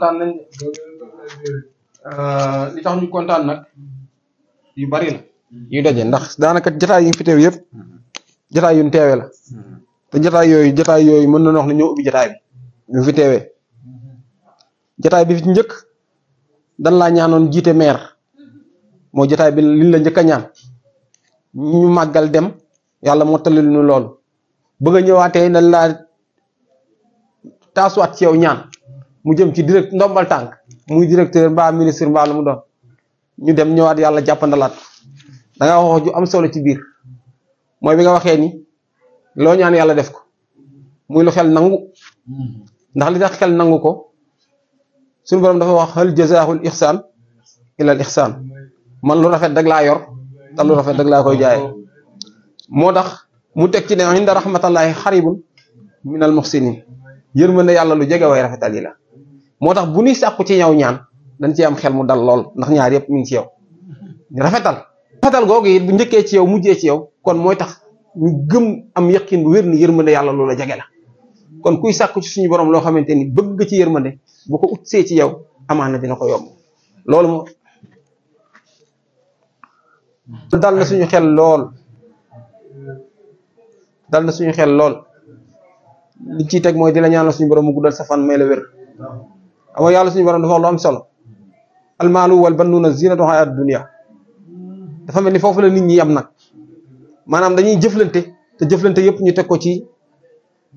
kontaan euh, kontaan nag yu bari la daje ndax daanaka jataay yi fi teew yëpp jataay yu ñu teewee yooyu jataay yooyu mën na wax ne ñoo ubbi jataay bi fi teewee jataay bi fi njëkk dan laa ñaanoon jiite meer moo jataay bi liñ la njëkk ñaan ñu màggal dem yàlla moo ñu loolu bëgg a ñëwaatee na laa taasuwaat ci yow ñaan mu jëm ci direct ndombal tànk muy directeur mbaa ministre mbaa lu mu doon ñu dem ñëwaat yàlla jàppandalaat da nga wax ju am solo ci biir mooy bi nga waxee ni loo ñaan yàlla def ko muy lu xel nangu ndax li tax xel nangu ko su borom dafa wax hal jazaahul ihsaan ilal ihsaan man lu rafet rek laa yor te lu rafet rek laa koy jaayee moo tax mu teg ci ne inda rahmatallahi xaribun minal muxsinin na yàlla lu jege way rafetal la moo tax bu ñuy sàkku ci yow ñaan dañ ci am xel mu dal lool ndax ñaar yëpp mi ngi ci yow rafetal rafetal googu it bu njëkkee ci yow mujjee ci yow kon mooy tax ñu gëm am yëqin bu wér ni yërmande yàlla loola jege la kon kuy sàkku ci suñu boroom loo xamante ni bëgg ci yërmande bu ko utsee ci yow amaana dina ko yomb loolu moo dal na suñu xel lool dal na suñu xel lool lu ciy teg mooy di la ñaanal suñu borom mu guddal sa fan may la wér awa yàlla suñu borom dafa wax lu solo almaalu wal bannuuna zinatu xayaat dunia mel ni foofu la nit ñi am nag dañuy jëflante te jëflante yëpp ñu teg ko ci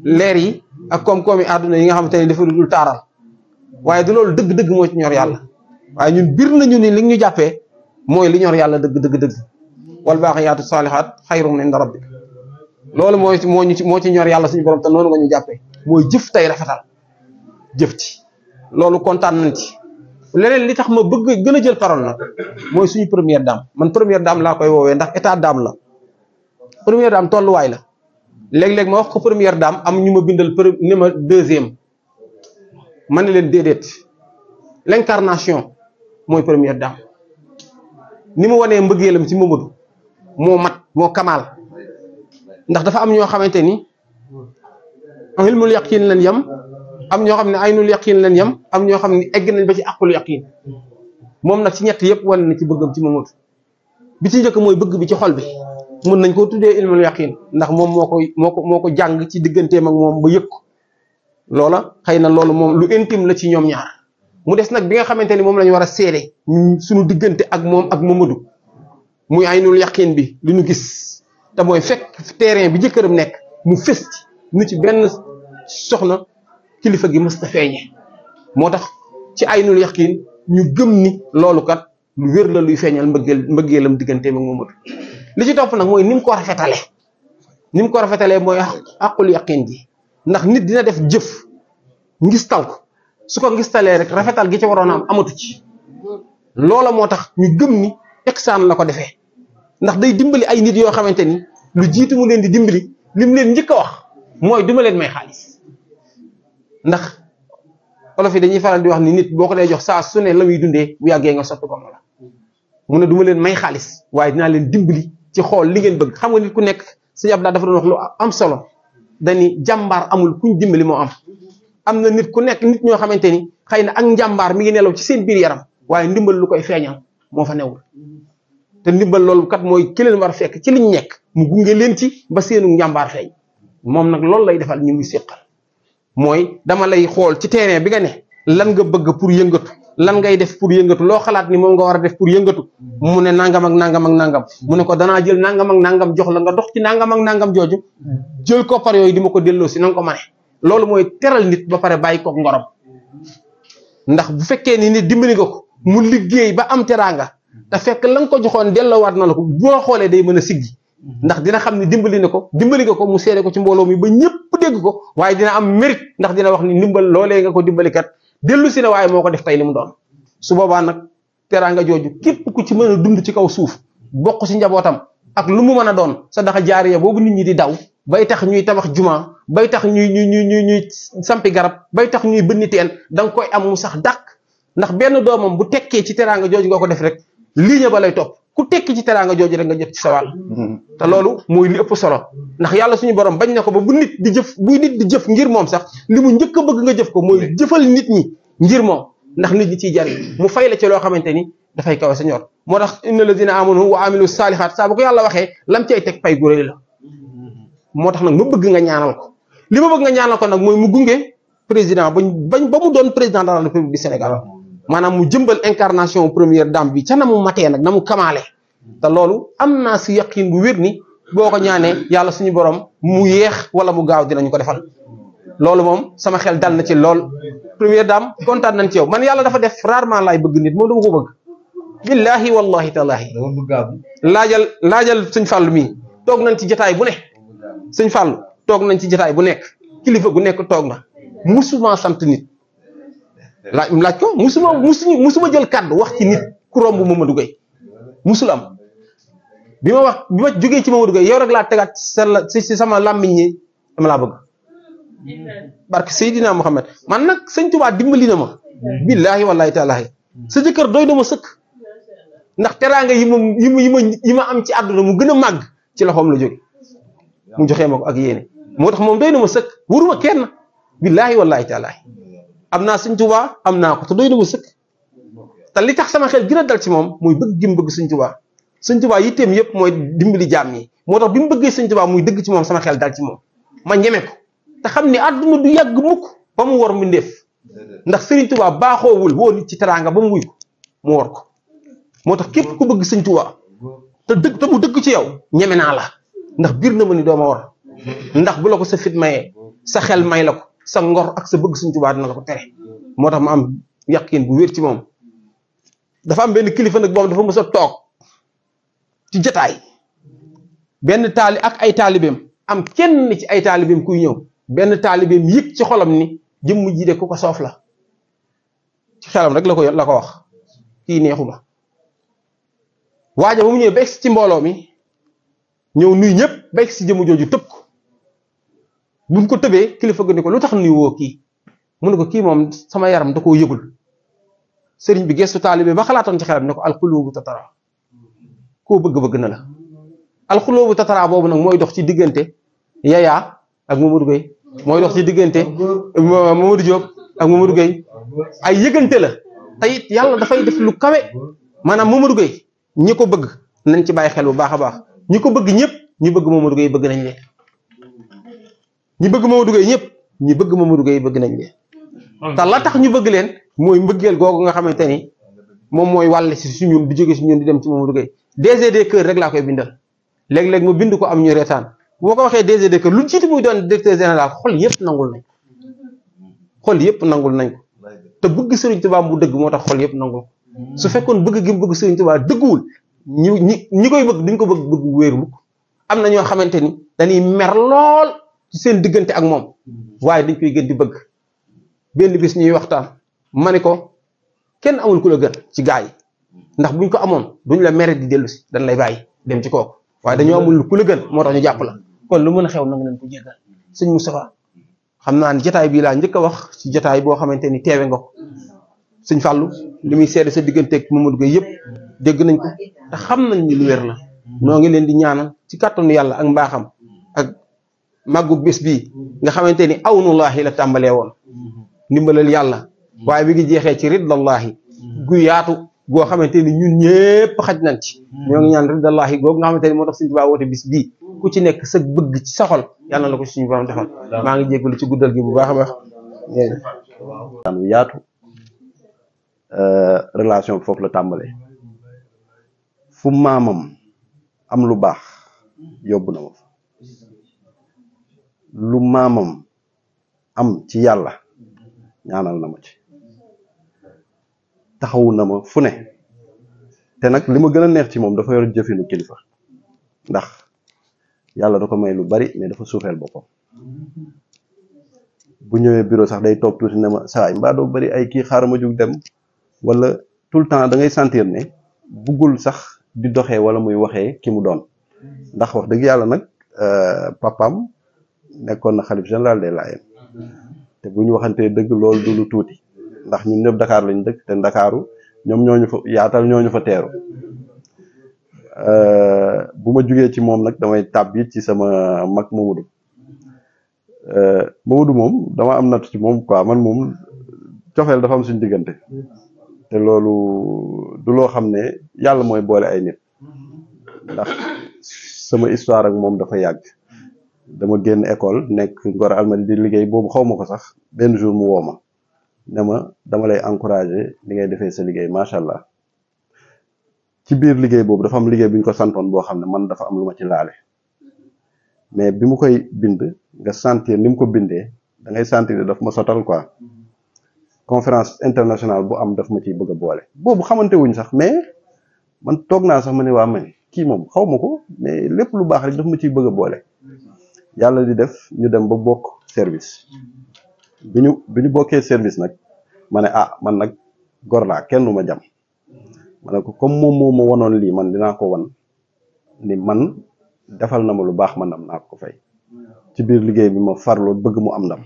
leer yi ak koom-koom yi àdduna yi nga xamante ne dafa dul taaral waaye du loolu dëgg-dëgg moo ci ñor yàlla waaye ñun bir nañu ni li ñu jàppee mooy li ñor yàlla dëgg dëgg dëgg wal baaqiyaatu saalihaat xayrun inda rabbik loolu mooy moo ñu moo ci ñor yàlla suñu borom te noonu nga ñu jàppee mooy jëf tey rafetal jëf ci loolu kontaan nañ ci leneen li tax ma bëgg gën a jël parole na mooy suñu première dame man première dame laa koy woowee ndax état dame la première dame tolluwaay la léeg-léeg ma wax ko première dame am ñu ma bindal pre ni ma deuxième ma ne leen déedéet l'incarnation mooy première dame ni mu wanee mbëggeelam ci Mamadou moo mat moo kamaal ndax dafa am ñoo xamante ni ilmul yaqin lañ yam am ñoo xam ne aynul yaqin lañ yem am ñoo xam ne egg nañ ba ci aqul yaqin moom nag ci ñett yëpp wane na ci bëggam ci Mamadou bi ci njëkk mooy bëgg bi ci xol bi mën nañ koo tuddee ilmul ndax moom moo ko moo ko moo ko jàng ci digganteem ak moom ba yëg ko loola xëy na loolu moom lu intime la ci ñoom ñaar mu des nag bi nga xamante ni moom la war a seede suñu diggante ak moom ak Mamadou muy aynul yaqin bi lu ñu gis te mooy fekk terrain bi jëkkëram nekk mu fës ci nu ci benn soxna kilifa gi mës feeñe moo tax ci aynul yaqiin ñu gëm ni loolu kat lu wér la luy feeñal mbëggeel mbëggeelam diggante ak Mamadu li ci topp nag mooy ni mu ko rafetale ni mu ko rafetalee mooy aqul yaqiin ji ndax nit dina def jëf ngis tal ko su ko ngis rek rafetal gi ci waroon a am amatu ci loola moo tax ñu gëm ni exaan la ko defee ndax day dimbali ay nit yoo xamante ni lu jiitu mu leen di dimbali lim leen njëkk a wax mooy duma leen may xaalis ndax olof yi dañuy faral di wax ni nit boo ko dee jox saa su ne la muy dundee bu yàggee nga sotti ko loola mu ne duma leen may xaalis waaye dinaa leen dimbali ci xool li ngeen bëgg xam nga nit ku nekk sëñ Abdou dafa doon am solo dañuy jàmbaar amul kuñ dimbali moo am am na nit ku nekk nit ñoo xamante ni xëy na ak njàmbaar mi ngi nelaw ci seen biir yaram waaye ndimbal lu koy feeñal moo fa newul te ndimbal loolu kat mooy ki leen war a fekk ci liñ nekk mu gunge leen ci ba seenu njàmbaar feeñ moom nag loolu lay defal ñu muy séqal mooy dama lay xool ci terrain bi nga ne lan nga bëgg pour yëngatu lan ngay def pour yëngatu loo xalaat ni moom nga war a def pour yëngatu mu ne nangam ak nangam ak nangam mu ne ko danaa jël nangam ak nangam jox la nga dox ci nangam ak nangam jooju jël ko koppar yooyu di ma ko delloo si nan ko mane loolu mooy teral nit ba pare bàyyi ko ngorom ndax bu fekkee ni nit dimbali nga ko mu liggéey ba am teraanga te fekk la ko joxoon delloowaat na la ko boo xoolee day mën a siggi Mhm. ndax dina xam ne dimbali na ko dimbali nga ko mu seede ko ci mbooloo mi ba ñëpp dégg ko waaye dina am mérite ndax dina wax ni ndimbal loolee nga ko dimbali kat dellu si na waaye moo ko def tey li mu doon su boobaa nag teraanga jooju képp ku ci mën a dund ci kaw suuf bokk si njabootam ak lu mu mën a doon sadaqa jaariya boobu nit ñi di daw bay tax ñuy tabax jumaa bay tax ñuy ñuy ñuy ñuy sampi garab bay tax ñuy bënni teen danga nga koy am mu sax dàq ndax benn doomam bu tekkee ci teraanga jooju nga ko def rek lii ña ba lay topp ku tekki ci teraanga jooju rek nga jëf ci sa wàll mm-hmm. te loolu mooy li ëpp solo ndax yàlla suñu borom bañ ne ko ba bu nit di jëf buy nit di jëf ngir moom sax li mu njëkk a bëgg nga jëf ko mooy mm-hmm. jëfal nit ñi ngir moom ndax nit ñi ciy jariñ mu fay la ci loo xamante ni dafay kawe sa ñor moo tax inna lazina amanu wa amilu saalihaat saa bu ko yàlla waxee lam ci ay teg pay guréy la moo tax nag ma bëgg nga ñaanal ko li ma bëgg nga ñaanal ko nag mooy mu gunge président bañ bañ ba mu doon président de la Sénégal maanaam mu jëmbal incarnation première dame bi ca na mu matee nag na mu kamaale te loolu am naa si yaqin bu wér ni boo ko ñaanee yàlla suñu borom mu yéex wala mu gaaw dinañu ko defal loolu moom sama xel dal na ci lool première dame kontaan nañ ci yow man yàlla dafa def rarement laay bëgg nit moom dama ko bëgg billahi wallahi tallahi laajal laajal sëñ fàllu mii toog nañ ci jataay bu ne sëñ fàllu toog nañ ci jataay bu nekk kilifa gu nekk toog na sant nit laaj laaj ko musuma musuñu musuma jël kàddu wax ci nit ku romb ma Gueye musul am bi ma wax bi ma jógee ci Mamadou yow rek laa tegaat ci sama làmmiñ ñi dama laa bëgg barke Seydina Muhammad man nag sëñ Tuubaa dimbali na ma billaahi wallaahi taalaahi sa jëkkër doy na ma sëkk ndax teraanga yi ma yi yi ma yi ma am ci àdduna mu gën a màgg ci loxoom la jóge mu joxee ma ko ak yéene moo tax moom doy na ma sëkk wuruma kenn billaahi wallaahi taalaahi am naa sëñ Tuubaa am naa ko te doy na wu sëkk te li tax sama xel gën a dal ci moom muy bëgg gi mu bëgg sëñ Tuubaa sëñ Tuubaa yitteem yëpp mooy dimbali jaam yi moo tax bi mu bëggee sëñ Tuubaa muy dëgg ci moom sama xel dal ci moom ma ñeme ko te xam ni àdduna du yàgg mukk ba mu war mu ndéef ndax sëriñ Tuubaa baaxoowul woo nit ci teraanga ba mu wuy ko mu war ko moo tax képp ku bëgg sëñ Tuubaa te dëgg te mu dëgg ci yow ñeme naa la ndax biir na ma ni doo ma war ndax bu la ko sa fit mayee sa xel may la ko sa ngor ak sa bëgg Sëñ Tuubaa dina la ko tere moo tax ma am yàqin bu wér ci moom dafa am benn kilifa nag moom dafa mës sa toog ci jataay benn taali ak ay taalibeem am kenn ci ay taalibeem kuy ñëw benn taalibeem yëg ci xolam ni jëmm ji de ku ko soof la ci xelam rek la ko la ko wax kii neexuma waaja ba mu ñëw ba egsi ci mbooloo mi ñëw nuy ñëpp ba ci jëmm jooju tëb ko buñ ko tëbee kilifa gi ko lu tax nuyu woo kii mu ne ko kii moom sama yaram da koo yëgul sëriñ bi gestu taalibe ba xalaatoon ci xelam ne ko alxuluubu tatara koo bëgg-bëgg na la alxuluubu tatara boobu nag mooy dox ci diggante Yaya ak Mamadou Gueye mooy dox ci diggante Mamadou Diop ak Mamadou Gueye ay yëgante la te yàlla dafay def lu kawe maanaam moom Mamadou Gueye ñi ko bëgg nañ ci bàyyi xel bu baax a baax ñi ko bëgg ñëpp ñu bëgg moom Mamadou Gueye bëgg nañ leen ñi bëgg Mamadou duggee ñëpp ñi bëgg Mamadou Gueye bëgg nañ leen ah. te la tax ñu bëgg leen mooy mbëggeel googu nga xamante ni moom mooy wàll si su ñun di jóge si ñun di dem ci Mamadou Gueye DGD Kër rek laa koy bindal léeg-léeg ma bind ko am ñu reetaan boo ko waxee DGD Kër lu jiitu muy doon directeur général xol yëpp nangul nañ xol yëpp nangul nañ ko te bëgg Serigne Touba bu dëgg moo tax xol yëpp nangul ko su fekkoon bëgg gi mu bëgg Serigne Touba dëgguwul ñi ñi ñi koy bëgg duñ ko bëgg bëgg wéeru mukk am na ñoo xamante ni dañuy mer lool ci seen diggante ak moom waaye dañ koy gën di bëgg benn bis ñuy waxtaan ma ne ko kenn amul ku la gën ci gaa yi ndax buñ ko amoon duñ la mere di dellu si dañ lay bàyyi dem ci kooku waaye dañoo amul ku la gën moo tax ñu jàpp la kon lu mën a xew nanga leen ko jéggal xam naa ni jotaay bii laa njëkk a wax ci jotaay boo xamante ni teewe nga sëñ Fallou li muy seede sa digganteeg Mamadou Gueye yëpp dégg nañ ko te xam nañ lu wér la noo ngi leen di ñaanal ci kàttanu yàlla ak mbaaxam màggu bis bi nga xamante ni awnullaahi la tàmbalee woon ndimbalal yàlla waaye bi ngi jeexee ci riddallaahi gu yaatu goo xamante ni ñun ñëpp xaj nañ ci ñoo ngi ñaan riddallaahi googu nga xamante ni moo tax suñu Tuubaa woote bis bi ku ci nekk sa bëgg ci sa xol yàlla na la ko suñu borom defal maa ngi jégalu ci guddal gi bu baax a baax waxtaan wu yaatu euh, relation bi foofu la tàmbalee fu maamam am lu baax yóbbu na ma lu maamam am ci yàlla ñaanal na ma ci taxawu na ma fu ne te nag li ma gën a neex ci moom dafa yor jëfinu kilifa ndax yàlla da ko may lu bari mais dafa suufeel boppam bu ñëwee bureau sax day toog tuuti ne ma saay yi mbaa doo bari ay kii xaaral ma jug dem wala tout le temps da ngay sentir ne buggul sax di doxee wala muy waxee ki mu doon ndax wax dëgg yàlla nag euh, papaam nekkoon na xalif général de Layènes te bu ñu waxantee dëgg loolu du lu tuuti ndax ñu ñëpp Dakar lañ dëkk te Ndakaaru ñoom ñooñu fa yaatal ñu fa teeru euh, bu ma jugee ci moom nag damay tàbb ci sama mag Mamadou euh, Mamadou moom dama am natt ci moom quoi man moom cofeel dafa am suñu diggante te loolu du loo xam ne yàlla mooy boole ay nit ndax sama histoire ak moom dafa yàgg dama génn école nekk Ngor Almadi di liggéey boobu xaw ma ko sax benn jour mu woo ma ne ma dama lay encourager li ngay defee sa liggéey macha allah ci biir liggéey boobu dafa am liggéey bu ñu ko santoon boo xam ne man dafa am lu ma ci laale mais bi mu koy bind nga sentir ni mu ko bindee da ngay sentir daf ma sotal quoi conférence internationale bu am daf ma ciy bëgg a boole boobu xamantewuñ sax mais man toog naa sax ma ne waa ma ne kii moom xaw ma ko mais lépp lu baax rek daf ma ciy bëgg a boole yàlla di def ñu dem ba bokk service mm-hmm. bi ñu bi ñu bokkee service nag ma ne ah man nag gor laa kenn du ma jam ma ne ko comme moom moo ma wanoon lii man dinaa ko won ni man defal na ma lu baax man am naa ko fay ci biir liggéey bi ma farloo bëgg mu am ndam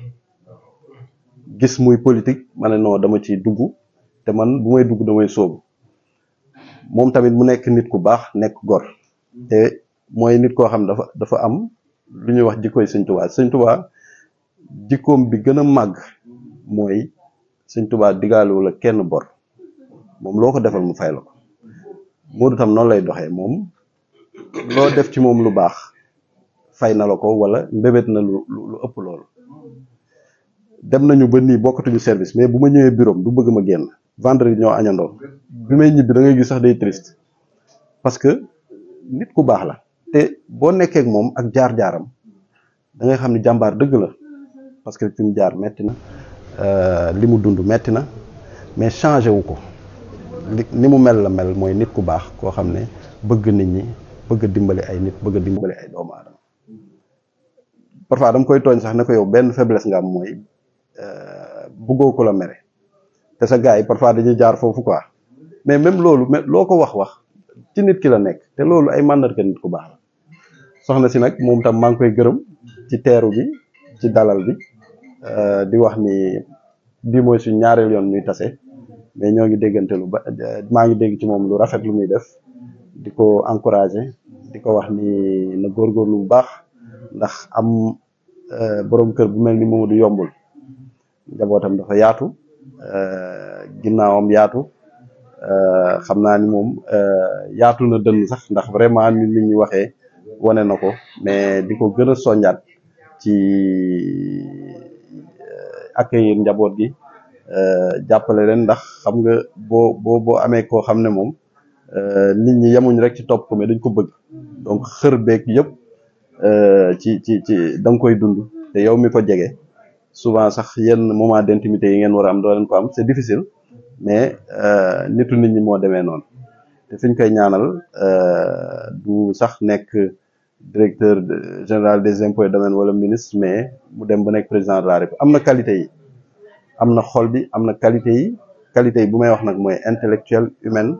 gis muy politique ma ne non dama ci dugg te man bu may dugg damay sóobu moom tamit mu nekk nit ku baax nekk gor mm-hmm. te mooy nit koo xam dafa dafa am lu ñuy wax jikkoy sëñ tubaa sëñ tubaa jikkoom bi gën a màgg mooy sëñ tubaa digaaluwu la kenn bor moom loo ko defal mu fay la ko Moodu tam noonu lay doxee moom loo def ci moom lu baax fay na la ko wala mbébét na lu ëpp loolu dem nañu ba nii bokkatuñu service mais bu ma ñëwee bureau du bëgg ma génn vendredi ñoo añandoo bi may ñibbi da ngay gis sax day triste parce que nit ku baax la te boo nekkee moom ak jaar-jaaram da ngay xam ne jàmbaar dëgg la parce que fi jaar metti na euh, li mu dund metti na mais changé wu ko li ni mu mel la mel mooy nit ku baax koo xam ne bëgg nit ñi bëgg dimbali ay nit bëgg dimbali ay doomu parfois dama koy tooñ sax ne ko yow benn faiblesse nga am mooy euh, bëggoo ko la mere te sa gars yi parfois dañuy jaar foofu quoi mais même loolu loo ko wax wax ci nit ki la nekk te loolu ay màndarga nit ku baax la soxna si nag moom tam maa ngi koy gërëm ci teeru bi ci dalal bi euh, di wax ni bii mooy suñ ñaareel yoon ñuy tase mais ñoo ngi déggante lu ba maa ngi dégg ci moom lu rafet lu muy def di ko encouragé di ko wax ni na góorgóorlu bu baax ndax am euh, borom kër bu mel ni moom du yombul njabootam dafa yaatu euh, ginnaawam yaatu xam naa ni moom yaatu na dënn sax ndax vraiment ni nit ñi waxee wane na ko mais di ko gën a soññaat ak euh, accueillir njaboot gi euh, jàppale leen ndax xam nga boo boo boo amee koo xam ne moom euh, nit ñi yemuñ rek ci topp ko mais dañ ko bëgg donc xër beeg yëpp ci ci ci da koy dund te yow mi ko jege souvent sax yenn moment d'intimité yi ngeen war a am doo leen ko am c'est difficile mais nitu nit ñi moo demee noonu te fi ñu koy ñaanal du sax nekk. directeur général des impôts et wala ministre mais mu dem ba nekk président de la république am na qualité yi am na xol bi am na qualité yi qualité yi bu may wax nag mooy intellectuel humaine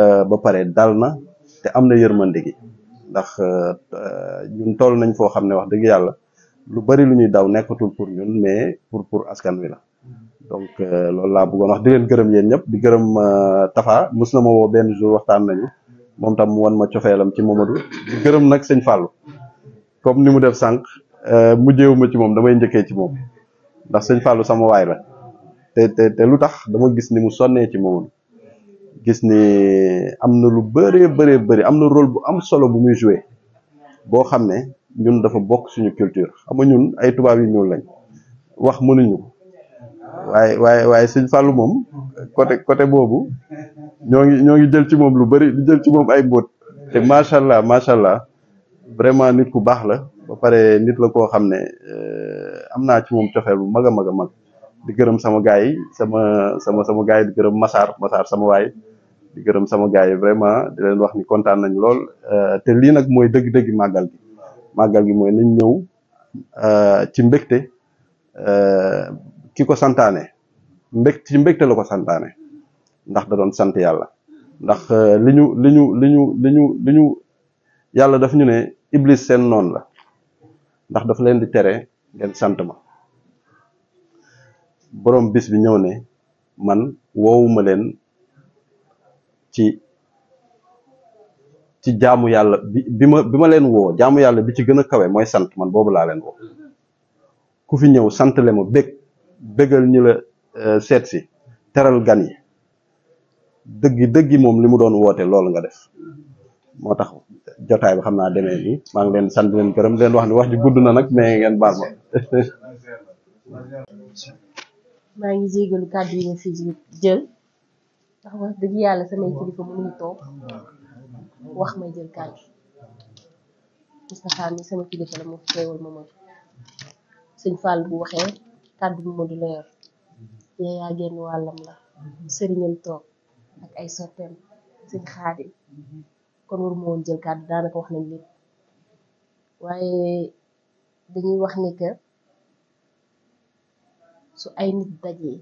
euh, ba pare dal na te am na yërmande gi ndax euh, ñun tool nañ foo xam ne wax dëgg yàlla lu bari lu ñuy daw nekkatul pour ñun mais pour pour askan wi la donc euh, loolu laa bëggoon wax di leen gërëm yéen ñëpp di gërëm Tafa mus na ma woo benn jour waxtaan nañu moom tam wan ma cofeelam ci Momadou di gërëm nag sëñ Fallou comme ni mu def sànq euh, mujjeewu ma ci moom damay njëkkee ci moom ndax sëñ Fallou sama waay la te te te lu tax dama gis ni mu sonnee ci Momadou gis ni am na lu bëree bëree bëri am na rôle bu am solo bu muy joué boo xam ne ñun dafa bokk suñu culture xam nga ñun ay tubaab yu ñuul lañ wax mënuñu ko waaye waaye waaye sëñ Fallou moom côté côté boobu ñoo ngi ñoo ngi jël ci moom lu bëri di jël ci moom ay mbóot te macha allah macha allah vraiment nit ku baax la ba pare nit la koo xam ne eh, am naa ci moom cofeel bu mag a mag a mag di gërëm sama gars yi sama sama sama gars yi di gërëm Massar Massar sama waay di gërëm sama gars yi vraiment di leen wax ni kontaan nañ lool eh, te lii nag mooy dëgg-dëgg màggal gi màggal gi mooy nañ ñëw eh, ci mbégte ki ko santaane mbég ci mbégte la ko santaane ndax da doon sant yàlla ndax euh, li ñu li ñu li ñu li ñu li ñu yàlla daf ñu ne iblis seen noonu la ndax daf leen di tere ngeen sant ma boroom bis bi ñëw ne man woowuma leen ci ci jaamu yàlla bi bi ma bi ma leen woo jaamu yàlla bi ci gën a kawe mooy sant man boobu laa leen woo ku fi ñëw sant le ma bég bégal ñu la euh, seet si teral gan yi dëggi dëggi moom li mu doon woote loolu nga def moo tax jotaay bi xam naa demee nii maa ngi leen sant leen gërëm leen wax ni wax ji gudd na nag mais ngeen baal ma. maa ngi jégalu kàddu yi nga fi jël ndax wax dëgg yàlla samay kilifa mënuñu toog wax may jël kàddu Moustapha mi sama kilifa la mu teewal Mamadou sëñ Fall bu waxee kàddu Mamadou la yor yaa génn wàllam la sëriñam toog. ak ay soppeem sëñ xaadi kon moo woon jël kàddu daanaka wax nañ lépp waaye dañuy wax ni que su ay nit dajee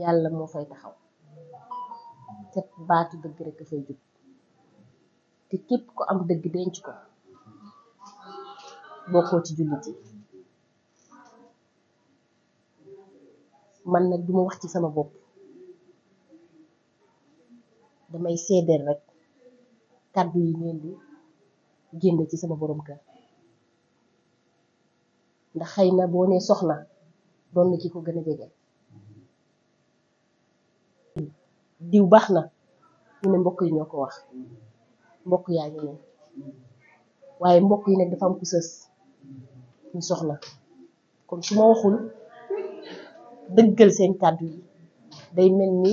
yàlla moo fay taxaw te baatu dëgg rek a fay jub te képp ko am dëgg denc ko bokkoo ci jullit yi man nag duma wax ci sama bopp damay seedeel rek kàddu yi ngeen di génn ci sama borom kër ndax xëy na boo nee soxna doon na ki ko gën a jege diw baax na ñu ne mbokk yi ñoo ko wax mbokk yaa ngi waaye mbokk yi nag dafa am ku sës ñu soxna kon su waxul dëggal seen kàddu yi day mel ni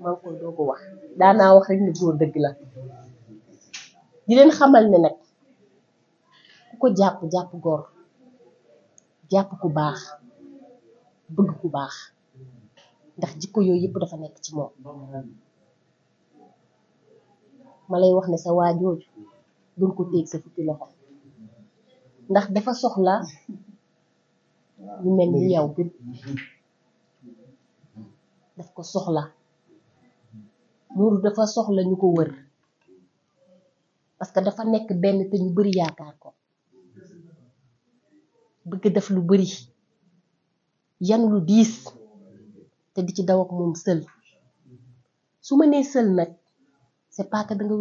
maa ngi koy doog a wax daanaa wax rek ni góor dëgg la di leen xamal ne nag ku ko jàpp jàpp góor jàpp ku baax bëgg ku baax ndax jikko yooyu yëpp dafa nekk ci moom ma lay wax ne sa waa jooju ko téeg sa fukki loxo ndax dafa soxla ñu mel ni yow daf ko soxla loolu dafa soxla ñu ko wër parce que dafa nekk benn te ñu bari yaakaar ko bëgg def lu bari yan lu diis te di ci daw ak moom sël su ma nee sël nag c'est pas que da nga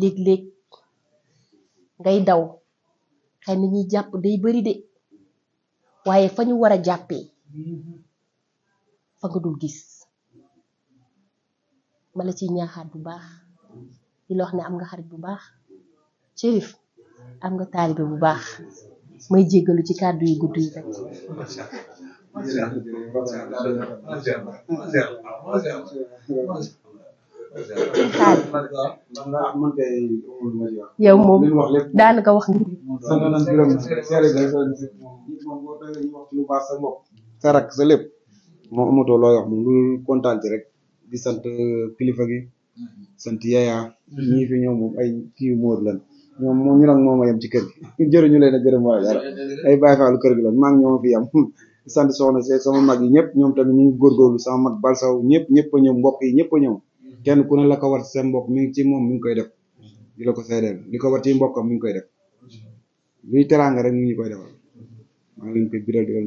léeg-léeg ngay daw xëy na ñuy jàpp day bëri de waaye fa ñu war a jàppee fa nga dul gis ma la ciy bu baax di la am nga xarit bu baax Chérif am nga taalibe bu baax may jéggalu ci kàddu yu gudd yi rek yow moom daanaka wax nga sa rak sa lépp moom amatoo looy wax moom lu kontaan rek di sant kilifa gi sant yaya mm-hmm. ñii fi ñëw moom ay kii móor lan ñoom moom ñu nag moom a yem ci kër gi jër ñu leen a gërëm wala dara ay bàyyi faalu kër gi lan maa ngi ñoom fi yem sant soxna seeg sama mag yi ñëpp ñoom tamit ñu ngi góorgóorlu sama mag balsaw ñëpp ñëpp ñëw mbokk yi ñëpp a ñëw mm-hmm. kenn ku ne la ko war ci mbokk mi ngi ci moom mi ngi koy def mm-hmm. di la ko seedeel li ko war ci mbokkam mi ngi koy def luy teraanga rek ñu koy maa ngi leen koy biral di leen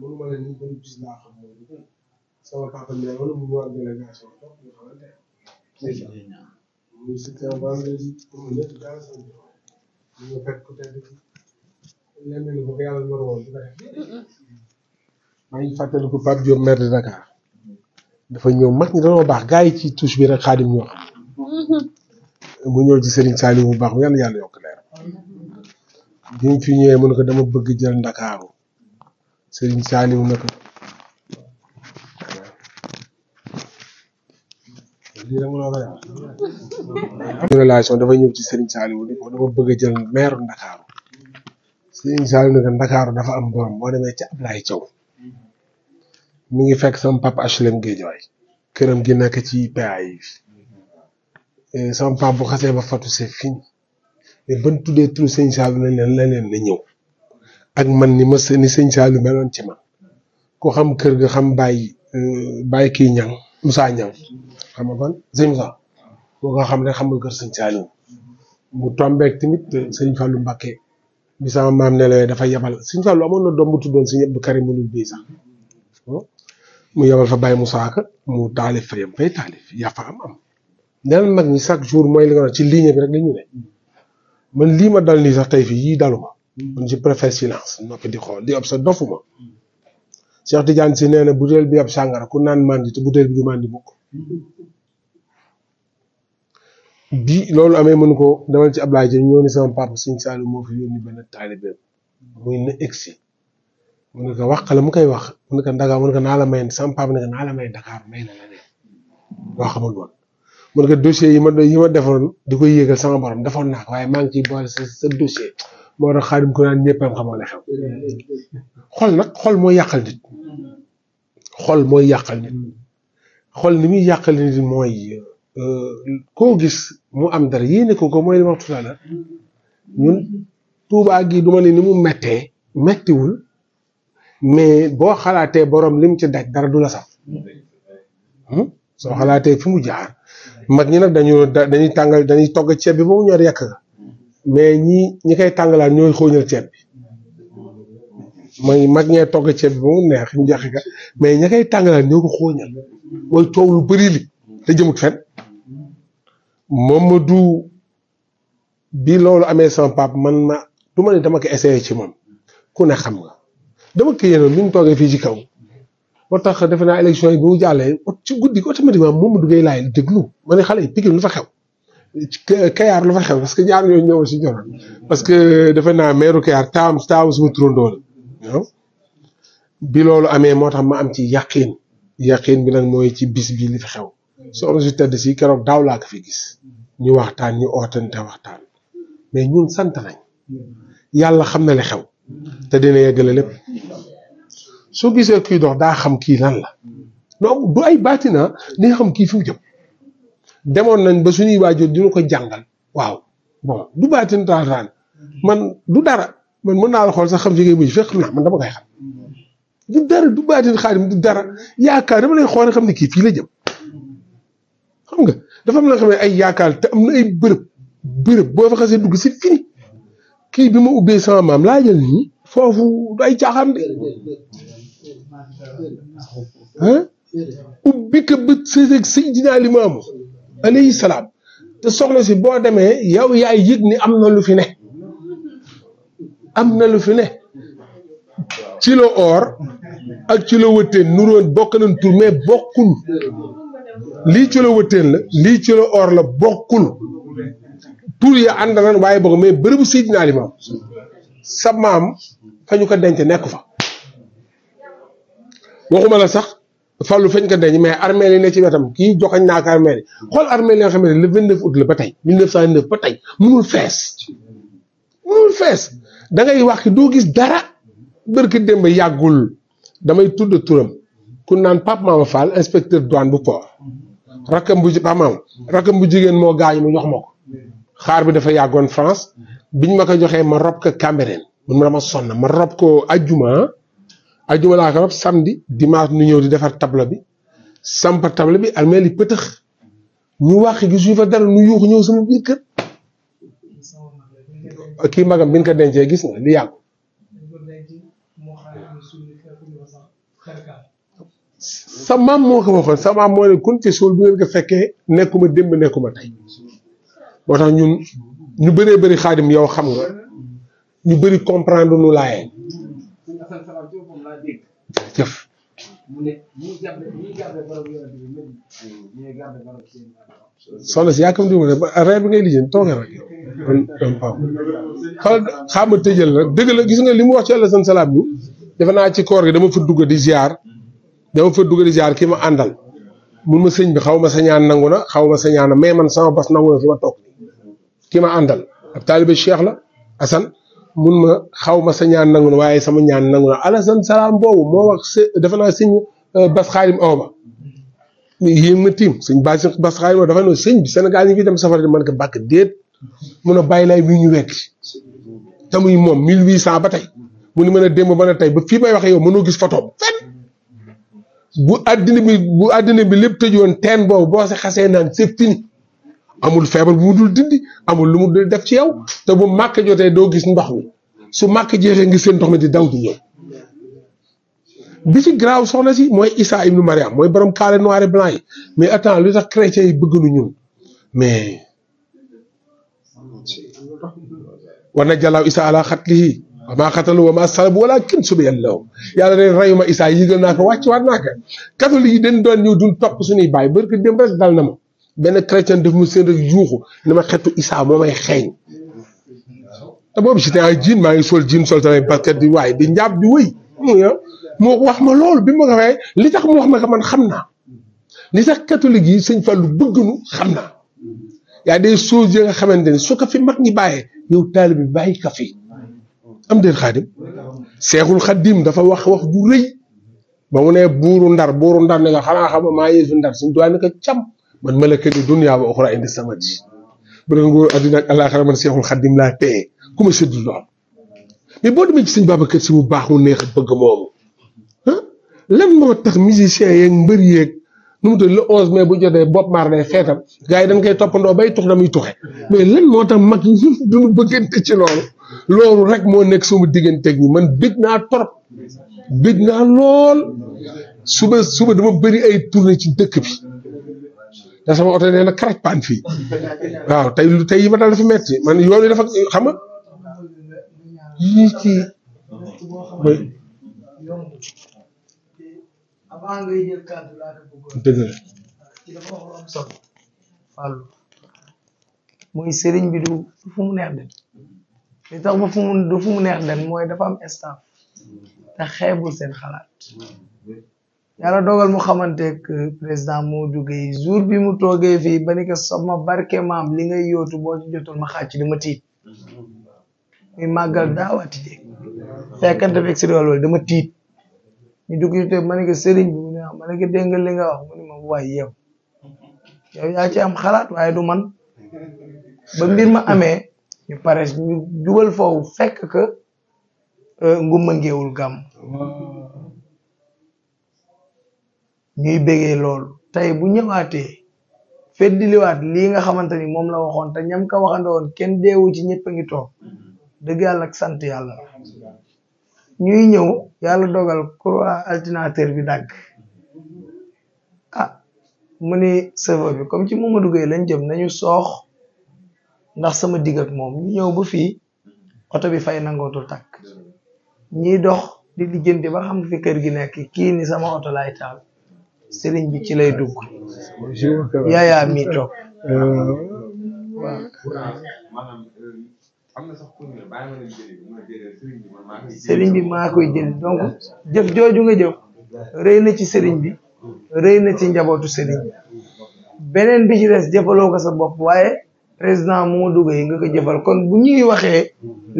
mënuma la ni sama papa Ndiaye wala mu maa ngi fàttaliku Pape Dakar. dafa ñëw mag ñi dañoo baax gars yi ci touche bi rek xaadim ñu mu ñëw ci Serigne Saliou bu baax yàlla yàlla yokk leer. bi mu fi ñëwee ko dama bëgg jël Ndakaaru. sëriñ saaliw nag relation dafa ñëw ci sëriñ saaliw ni ko bëgg a jël meeru ndakaaru sëriñ saaliw nag ndakaaru dafa am borom boo demee ci Ablaye Thiaw mi ngi fekk sama papa HLM Guédiawaye këram gi nekk ci PAI bi eh, sama bu xasee ba fatu se fiñ mais eh, ban tuddee turu sëriñ saaliw nañ leen la leen ñëw ak man ni ma ni sëñ Saliou meloon ci man ko xam kër ga xam bàyyi euh, bàyyi kii ñaŋ Moussa ñang xam nga kon sëñ Moussa boo xam ne xam nga kër sëñ Saliou mu tombeek tamit euh, sëñ Fallou Mbacké bi sama maam ne la dafa yabal sëñ Fallou amoon na doom bu tuddoon sëñ Abdou Karim lu bii sax oh. mu yabal fa Baye mu Ka mu taalif fa yam fay taalif yaa fa am am leneen mag ñi chaque jour mooy li nga wax ci ligne bi rek la ne man lii ma dal nii sax tey fii yii dalu kon je préfère silence noppi di xool di observe dofuma Cheikh Tidiane si nee na butéel bi ab sàngara ku naan màndi te butéel bi du màndi mukk bi loolu amee mënu koo demal ci Ablaye Dieng ñëw ni sama si sëñ Saliou moo fi yónni benn taalibe muy na egsi mun nga ko wax la mu koy wax mun nga ko Dakar mun nga naa la may sama naa la may Dakar may na la ne loo xamul woon mun nga dossier yi ma yi ma defoon di ko yéegal sama borom defoon naa ko waaye maa ngi ciy boole sa sa moo tax xaadim ko naan ñëpp am xamoo la xew xol nag xol mooy yàqal nit xol mooy yàqal nit xol ni muy yàqal nit mooy euh, koo gis mu am dara yii ko ko mooy li wax tuuti ñun tuubaa gi duma ne ni mu mettee mettiwul mais boo xalaatee boroom lim ci daj dara du la sax hmm? soo xalaatee fi mu jaar mag ñi nag dañu dañuy tàngal dañuy togg ceeb bi ba mu ñor yàq nga mais ñi ñi koy tàngalaat ñooy xóoñal ceeb bi mooy mag ñee togg ceeb bi ba mu neex ñu jaxe ka mais ña koy tàngalaat ñoo ko xóoñal mooy coow lu bëri li te jëmut fen du bi loolu amee sama pap man ma du ma ne dama ko essayé ci moom ku ne xam nga dama ko yéenoon bi ñu toogee fii ci kaw moo tax defe naa élection yi bi mu jàllee ci guddi automatiquement Mamadou Gueye laay déglu ma ne xale yi Pikine lu fa xew kayaar lu fa xew parce que ñaar ñoo ñëw si ñoroon parce que defe naa meeru Kayar taam taaw suma turandoo bi loolu amee moo tax ma am ci yaqin yaqin bi nag mooy ci bis bi li fi xew soxna si tëdd si keroog daaw laa ko fi gis ñu waxtaan ñu ootante waxtaan mais ñun sant nañ yàlla xam na li xew te dina yeggale lépp soo gisee kuy dox daa xam kii lan la donc du ay baatina di nga xam kii fi mu jëm demoon nañ ba suñuy waajur dina ko jàngal waaw bon du baatin taataan man du dara man mën naa la xool sax xam si ngay mujj fekk naa man dama koy xam du dara du baatin xaadim dara yaakaar dama lay xool xam ne kii fii la jëm xam nga dafa la xam ne ay yaakaar te am na ay bërëb bërëb boo fa xasee dugg si kii bi ma ubbee sama maam laa jël nii foofu du ay caaxaan de ah ubbi ko bët sëseeg sëy dinaa maamu alayhi salaam te soxna si boo demee yow yaay yëg ni am na lu fi ne am na lu fi ne cilo or ak kilo wëttéen nuróon bokk nañ tur mais bokkul lii kilo wëttéen la lii cilo or la bokkul tur ya ànd nañ waaye bokk mais bërëbu Seydina Limaamu sa maam fa ñu ko denc nekk fa waxuma la sax fàllu fañ ko denc mais armée li ne ci wetam kii joxañ naa ko armée xool armée li nga xam ne le 29 août la ba tey 1909 ba tey munul fees munul fees da ngay wax ki doo gis dara bërki démb yàggul damay tudd turam ku naan Pape Mama Fall inspecteur douane bu port rakkam bu Pape Mama rakkam bu jigéen moo gaañu mu jox ma ko xaar bi dafa yàggoon France biñ ma ko joxee ma rob ko Cambérène mun ma dama sonn ma rob ko ajjuma ak laa ko rob samedi dimanche nu ñëw di defar tableau bi sampa tableau bi almeel yi pëtëx ñu wàq gi suñu fa dara nu yuuxu ñëw sama biir kër kii magam bi ñu ko dencee gis nga maam moo ko waxoon sa maam moo ne ci suul bu ngeen ko fekkee nekkuma démb nekkuma tey moo tax ñun ñu bëree bëri xaadim yow xam nga ñu bëri comprendre nu laayeen jëf soxna si yaakaar naa ne ba bi ngay lijjanti tooge rek man man Paa dëgg la gis nga li mu wax ci àll seen salaam bi defe naa ci koor gi dama fa dugg di ziar dama fa dugg di ziar kii ma àndal mun ma sëñ bi xaw ma sa ñaan nangu na xaw ma sa na mais man sama bas nangu na fi ma toog kii ma àndal ab taalibe Cheikh la Assane. mun ma xaw ma sa ñaan nangu na waaye sama ñaan nangu na alasan salaam boobu moo wax s dafa naa sëñ bas xaalim aw ma tiim sëñ bas bas xaalim dafa ne bi Sénégal ñu ngi dem safara di man ko bàkk déet mun a bàyyi laay bi ñu wekk te muy moom mille huit cent ba tey mu ni mën a démb man a tey ba fii may waxee yow mënoo gis photoom fenn bu àddina bi bu àddina bi lépp tëjoon teen boobu boo sa xasee naan c'est fini amul feebar bu mu dul dindi amul lu mu dul def ci yow te bu màkk jotee doo gis ndox mi su màkk jeexee nga seen ndox mi di daw di ñëw bi ci garaaw soxna si mooy Issa ibnu Mariam mooy borom kaale noir et yi mais attends lu tax chrétiens yi bëgg nu ñun mais war na jalaaw Issa ala xat lii wa maa xatalu wa maa salabu wala kenn subi yàlla yàlla ne rayuma Issa yëgal naa ko wàcc waat naa ko catholique yi dañ doon ñëw duñ topp suñuy bàyyi barke dem rek na ma benn chrétien daf ma seen rek yuuxu ni ma xetu Isaa moo may xeeñ te boobu si ay jiin maa ngi sol jiin sol tamit basket di waaye di njaab di wëy moo wax ma lool bi ma ko waxee li tax mu wax ma ko man xam naa li tax catholique yi sëñ Fallou bëggnu xam naa yaa des choses yi a xamante ni su ko fi mag ñi bàyyee yow taalibe bi bàyyi ka fi am déet xaadim seexul xaadim dafa wax wax ju rëy ba mu buuru ndar buuru ndar ne nga xanaa xam maa yeesu ndar suñu doyen man malakatu dunya wa uxra indi samat ji bu doon nguuru àddina ak àllaaxira man seexul xaddim laa teye ku ma séddu lool mais boo demee ci sëñ Babacar Si mu baax mu neex bëgg moomu ah lan moo tax musiciens yeeg mbër yeeg nu mu tudd le 11 mai bu jotee Bob Marley xeetam gars yi dañ koy toppandoo bay tux damuy tuxe mais lan moo tax mag ñun duñu bëggante ci loolu loolu rek moo nekk soo digganteeg ñi man bég naa torop bég naa lool suba suba dama bëri ay tournée ci dëkk bi. te sama oto nee na paan fii waaw tey tey yi ma daal dafa metti man yoon yi dafa xam nga yii kii dëgg sëriñ bi du fu mu neex dem li mu neex dem mooy dafa am instant te xeebul seen xalaat yàlla dogal mu xamanteeg président Modou Gueye jour bi mu toogee fi ba ni ko sama barke maam li nga yootu boo ci jotoon ma xàcc dama tiit muy màggal daawaati jéeg kanta fekk si loolu dama tiit ñu dugg te ma ne ko sëriñ bi ma ne ko dégg li nga wax mu ne ma waaye yow yow yaa ci am xalaat waaye du man ba mbir ma amee ñu pare ñu jubal foofu fekk que euh, ngumma ngeewul gàmm ñuy bégee loolu tey bu ñëwaatee feddiliwaat lii nga xamante ni moom la waxoon te ñam ka waxandoon kenn deewu ci ñëpp ngi toog dëgg yàlla ak sant yàlla ñuy ñëw yàlla dogal courant alternateur bi dàgg ah mu ni serveur bi comme ci Mamadou duggee lañ jëm nañu soox ndax sama digg moom ñu ñëw ba fii oto bi fay nangootul takk ñiy dox di lijjanti ba xam fi kër gi nekk kii ni sama oto laay taal sëriñ bi ci lay dugg yaayaa mi toog sëriñ bi maa koy jëli donc jëf jooju nga jëf rëy na ci sëriñ bi rëy na ci njabootu sëriñ bi beneen bi ci des jëfaloo ko sa bopp waaye président moo dugg yi nga ko jëfal kon bu ñuy waxee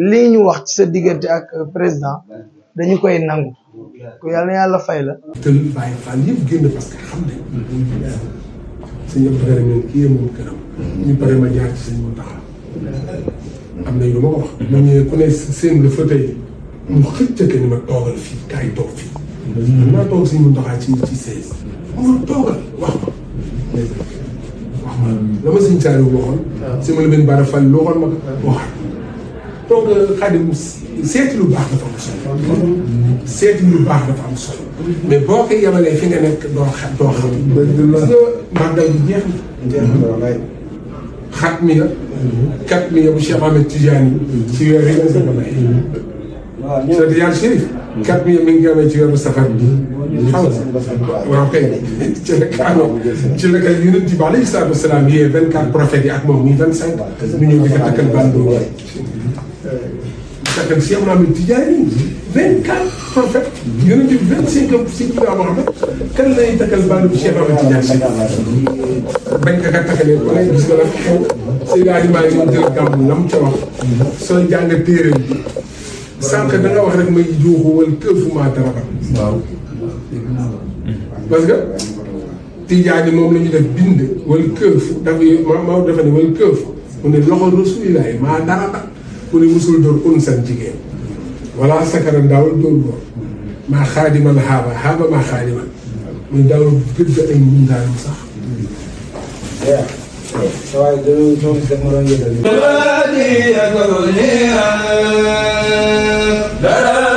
lii ñu wax ci sa diggante ak président dañu koy nangu ku yàlla na yàlla fay la. te Baye Fall yëpp génn parce que xam nañ. sëñ Abdou Khare ngeen kii yee moom këram. ñu pare ma jaar ci sëñ Mountakha. am na lu ma wax. ma ñëwee ku ne seen lu fii kaay toog fii. mën naa toog sëñ Mountakha ci ci seize. mu toogal wax ma. wax ma la ma sëñ Saaliw waxoon. waaw ah. sëñ Malamine Bara Fall waxoon ma ko. si. Ah. seeti lu baax dafa am solo. seeti lu baax dafa am solo. mais boo ko yemalee fi nga nekk doo xam doo xam. dëgg la mandat bi jeex na. jeex na wallaay. xat mi la. kat mi la bu Cheikh Ahmed Tidiane yi. ci yooyu rek la may. waaw ñoo ngi yaa Chérif. kat mi mi ngi amee ci weeru safar bi. xam nga waaw kay ci la kaano ci la kay yonent bi alayhi salaatu wasalaam yee vingt quatre prophètes yi ak moom ñuy vingt cinq. ñu ñëw di ko takkal bànn sagam si Amna Amin Tijaani. 24 prophètes. yonent bi 25 am Seydina Mohamed kan lay takkal baalu Cheikh si. bañ ka kat takkalee nam ca wax. soo jàng téere bi. sànq da nga wax rek may juuxu wala ma dara. waaw. parce que. Tijaani moom la ñu def bind. wala këf dafa ma Maodo dafa ne wala këf mu ne loxo rasulilaay mu ne musul dóor un san jigéen wala sakaran daawul dóor góor maa xaadiman xaaba xaaba maa xaadiman muy daawul gëdd ay mun daanam sax waaye dañoo toog dama doon yëgal